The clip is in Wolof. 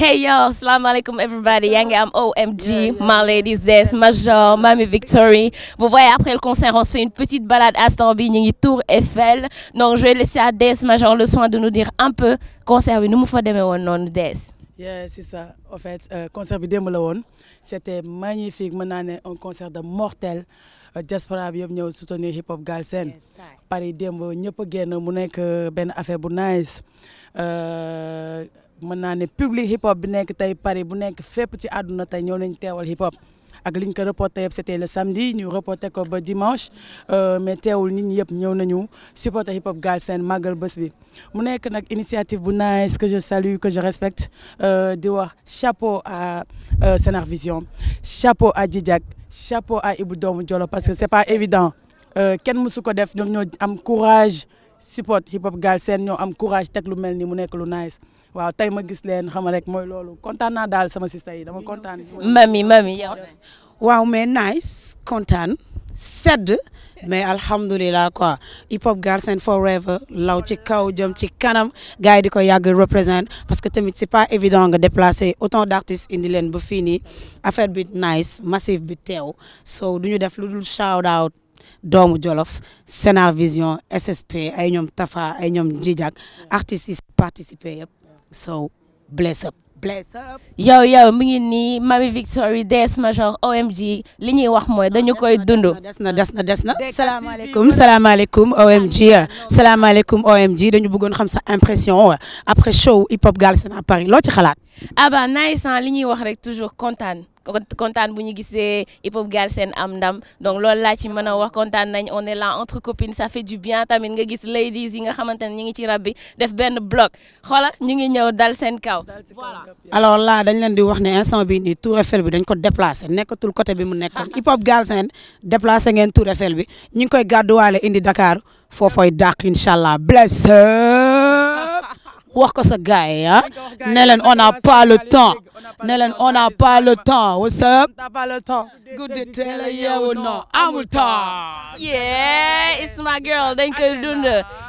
hey yo salaamaaleykum everybody yaa ngi am OMG ma lady Zes Major Mami Victory vous voyez après le concert on se fait une petite balade à Stambi ñu ngi Tour Eiffel donc je laisser à Des Major le soin de nous dire un peu concert bi nu mu fa demee woon noonu Des. Yeah, c'est ça en fait euh, concert bi démb la woon c'était magnifique mën naa ne un concert de mortel euh, diaspora bi yëpp ñëw soutenir hip hop Galsen Paris démb ñëpp a mu nekk euh, benn affaire bu nice. Euh, mën naa ne public hip hop bi nekk tey Paris bu nekk fépp ci àdduna tey ñoo nañ teewal hip hop ak liñ ko reporté yëpp c'était le samedi ñu reporté ko ba dimanche euh, mais teewul nit ñi yëpp ñëw nañu supporté hip hop Galsen màggal bés bi mu nekk nag initiative bu nice que je salue que je respecte euh, di wax chapeau à euh, Sénar Vision chapeau à Djidiack chapeau a Ibou Doomu Jolo parce que c'est pas évident kenn mësu ko def ñoom ñoo am courage support hip hop Galsen ñoo am courage teg lu mel ni mu nekk lu nice waaw tey ma gis leen xam rek mooy loolu kontaan daal sama si yi dama kontaan. mami mami yow. waaw mais nice kontaan sedd mais alhamdulilah quoi hip hop Galsen forever law ci kaw jëm ci kanam gars yi di ko yàgg représente parce que tamit si pa évident nga déplacé autant d'artistes indi leen ba fii nii affaire bi nice massive bi teew so du ñu def lu dul shout out. doomu Jolof Sena Vision SSP ay ñoom Tafa ay ñoom Jijak artistes yi participer yëpp sow bless up bless up yow yow mi ngi nii Mamy Victory DS Major OMG li ñuy wax mooy dañu koy dund des na des na des na salaamaaleykum salaamaaleykum OMG salaamaaleykum OMG dañu bëggoon xam sa impression après show hip hop Galsen à loo ci xalaat ah bah li ñuy wax rek toujours kontaan kontaan bu ñu gisee hip hop Galsen am ndam donc loolu ci mën a wax kontaan nañ on est là entre copines ça fait du bien tamit nga gis ladies yi nga xamante ne ñu ngi ci rab bi def benn bloc xoola ñu ngi ñëw dal seen kaw voilà. alors là dañ leen di wax ne instant bii nii Tour Eiffel bi dañ ko nekk nekkatul coté bi mu nekkoon hip hop Galsen déplacé ngeen Tour Eiffel bi ñu ngi koy gàdduwaale indi Dakar foofooy dàq incha allah blessé. wax ko sa gars yi ah ne leen on n'a pas le temps ne leen on n'a pas le temps what's up guddi teel a yeewu non amul temps it's my girl dañ koy